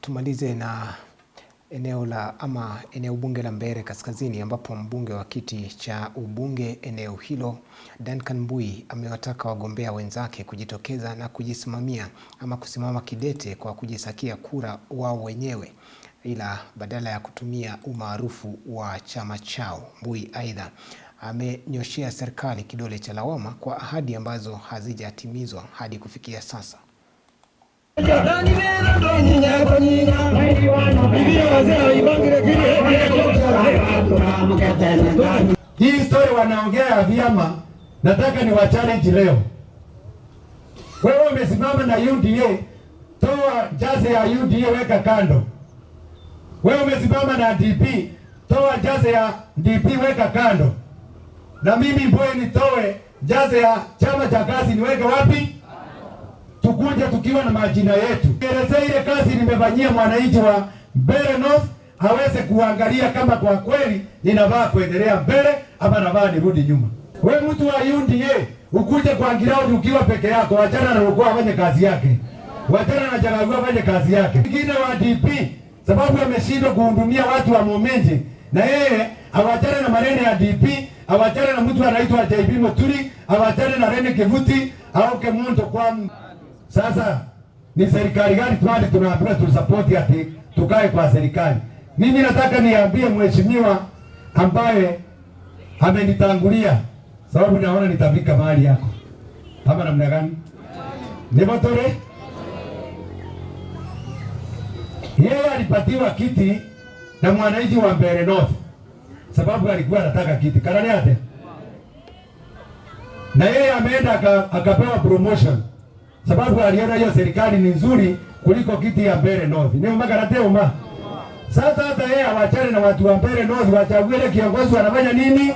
Tumalize na eneo la ama eneo bunge la Mbeere Kaskazini ambapo mbunge wa kiti cha ubunge eneo hilo Duncan Mbui amewataka wagombea wenzake kujitokeza na kujisimamia ama kusimama kidete kwa kujisakia kura wao wenyewe ila badala ya kutumia umaarufu wa chama chao. Mbui aidha amenyoshea serikali kidole cha lawama kwa ahadi ambazo hazijatimizwa hadi kufikia sasa. Hii story wanaongea vyama, nataka ni wachallenge leo. Wewe umesimama na UDA, toa jaze ya UDA weka kando. Wewe umesimama na DP, toa jaze ya DP weka kando. Na mimi Mbowe nitoe jaze ya chama cha kazi niweke wapi? tunakuja tukiwa na majina yetu. Elezea ile kazi nimefanyia mwananchi wa Mbeere North aweze kuangalia kama kwa kweli ninavaa kuendelea mbele ama navaa nirudi nyuma. We mtu wa Yundi ye ukuje kwa ground ukiwa peke yako, wachana na Rukwa afanye kazi yake, wachana na Jaraguo afanye kazi yake. Wengine wa DP sababu ameshindwa kuhudumia watu wa Momenje, na yeye awachane na maneno ya DP, awachane na mtu anaitwa JB Moturi, awachane na Rene Kivuti au Kemundo kwa mtu. Sasa ni serikali gani twani tunaambiwa tusapoti ati tukae kwa serikali? Mimi nataka niambie mheshimiwa ambaye amenitangulia, sababu naona nitafika mahali yako ama namna gani? Nivotore yeye alipatiwa kiti na mwananchi wa Mbeere North sababu alikuwa anataka kiti karani ate, na yeye ameenda akapewa promotion sababu aliona hiyo serikali ni nzuri kuliko kiti ya mbele North. Ni mbaka rateuma. Sasa hata yeye awachane na watu wa mbele North wachague ile kiongozi wanafanya nini?